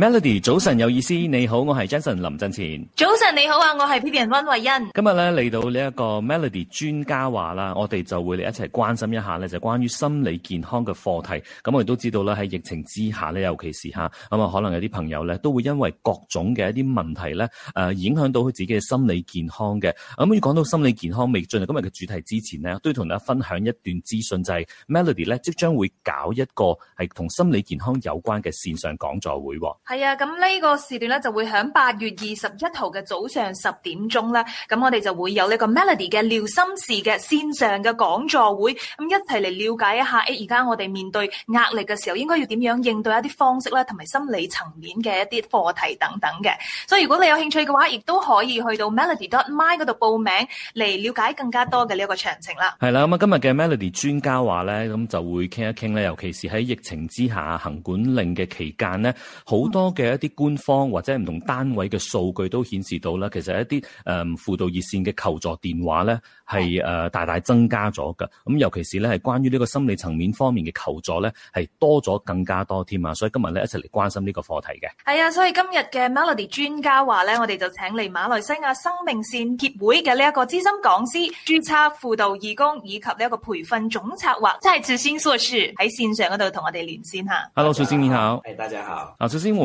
Melody，早晨有意思，你好，我係 Jason 林振前。早晨你好啊，我係 P D 人溫慧欣。今日咧嚟到呢一個 Melody 專家話啦，我哋就會嚟一齊關心一下咧，就是、關於心理健康嘅課題。咁我哋都知道咧，喺疫情之下咧，尤其是吓咁啊，可能有啲朋友咧都會因為各種嘅一啲問題咧，誒、啊、影響到佢自己嘅心理健康嘅。咁、嗯、要講到心理健康，未進入今日嘅主題之前咧，都要同大家分享一段資訊，就係、是、Melody 咧即將會搞一個係同心理健康有關嘅綫上講座會。係啊，咁、這、呢個時段咧就會喺八月二十一號嘅早上十點鐘啦。咁我哋就會有呢個 Melody 嘅聊心事嘅線上嘅講座會，咁一齊嚟了解一下。而家我哋面對壓力嘅時候，應該要點樣應對一啲方式啦，同埋心理層面嘅一啲課題等等嘅。所以如果你有興趣嘅話，亦都可以去到 Melody dot my 嗰度報名嚟了解更加多嘅呢一個詳情啦。係啦、啊，咁啊今日嘅 Melody 專家話咧，咁就會傾一傾咧，尤其是喺疫情之下行管令嘅期間呢。好多。多嘅一啲官方或者唔同單位嘅數據都顯示到啦，其實一啲誒輔導熱線嘅求助電話咧係誒大大增加咗嘅。咁、嗯、尤其是咧係關於呢個心理層面方面嘅求助咧係多咗更加多添啊！所以今日咧一齊嚟關心呢個課題嘅。係啊，所以今日嘅 Melody 專家話咧，我哋就請嚟馬來西亞生命線協會嘅呢一個資深講師、註冊輔導義工以及呢一個培訓總策劃，即係持興碩士喺線上嗰度同我哋連線嚇。Hello，持興你好。誒，大家好。啊，首先我。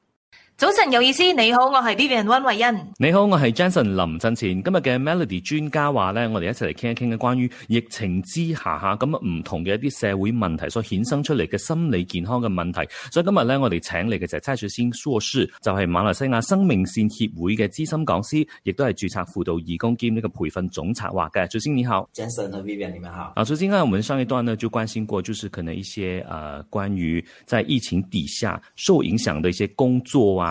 早晨有意思，你好，我係 Vivian 溫慧欣。你好，我係 Jenson 林振前。今日嘅 Melody 專家話咧，我哋一齊嚟傾一傾咧，關於疫情之下吓咁唔同嘅一啲社會問題所衍生出嚟嘅心理健康嘅問題。所以今日咧，我哋請嚟嘅就係蔡持興碩士，就係、是、馬來西亞生命線協會嘅資深講師，亦都係注冊輔導義工兼呢個培訓總策劃嘅。首先你好，Jenson 和 Vivian 你們好。嗱，首先呢我們上一段呢就關心過，就是可能一些誒、呃、關於在疫情底下受影響的一些工作啊。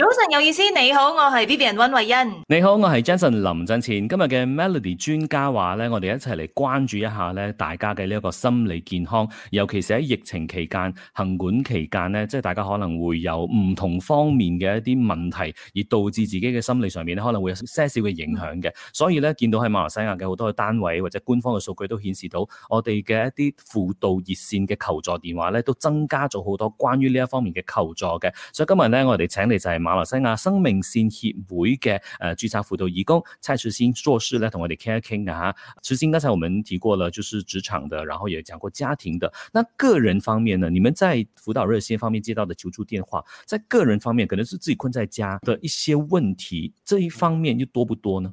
早晨有意思，你好，我係 Vivian 溫慧恩。你好，我係 Jason 林振前。今日嘅 Melody 專家話咧，我哋一齊嚟，關注一下咧，大家嘅呢一個心理健康，尤其是喺疫情期間，行管期間咧，即係大家可能會有唔同方面嘅一啲問題，而導致自己嘅心理上面咧，可能會有些少嘅影響嘅。所以咧，見到喺馬來西亞嘅好多嘅單位或者官方嘅數據都顯示到，我哋嘅一啲輔導熱線嘅求助電話咧，都增加咗好多關於呢一方面嘅求助嘅。所以今日咧，我哋請你就係馬。馬來西亞生命線協會嘅誒資深講師，輔導義工蔡持興碩士咧，同我哋傾一傾嘅吓。持興，剛才我們提過了，就是職場的，然後也講過家庭的。那個人方面呢？你們在輔導熱線方面接到的求助電話，在個人方面，可能是自己困在家的一些問題，這一方面又多不多呢？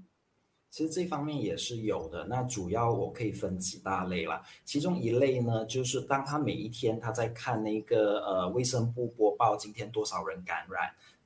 其實這方面也是有的。那主要我可以分幾大類啦。其中一類呢，就是當他每一天他在看那個誒、呃、衛生部播報，今天多少人感染？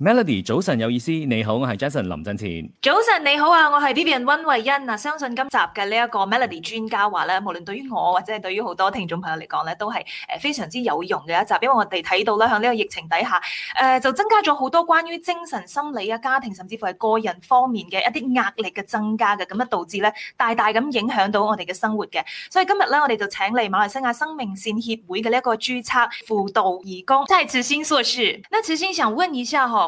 Melody，早晨有意思，你好，我係 Jason 林振前。早晨你好啊，我係 Bian 溫慧欣。嗱，相信今集嘅呢一個 Melody 專家話咧，無論對於我或者係對於好多聽眾朋友嚟講咧，都係誒非常之有用嘅一集，因為我哋睇到啦，喺呢個疫情底下，誒、呃、就增加咗好多關於精神心理啊、家庭甚至乎係個人方面嘅一啲壓力嘅增加嘅，咁一導致咧大大咁影響到我哋嘅生活嘅。所以今日咧，我哋就請嚟馬來西亞生命線協會嘅呢一個註冊輔導義工蔡持興碩士。那持興想問一下嗬。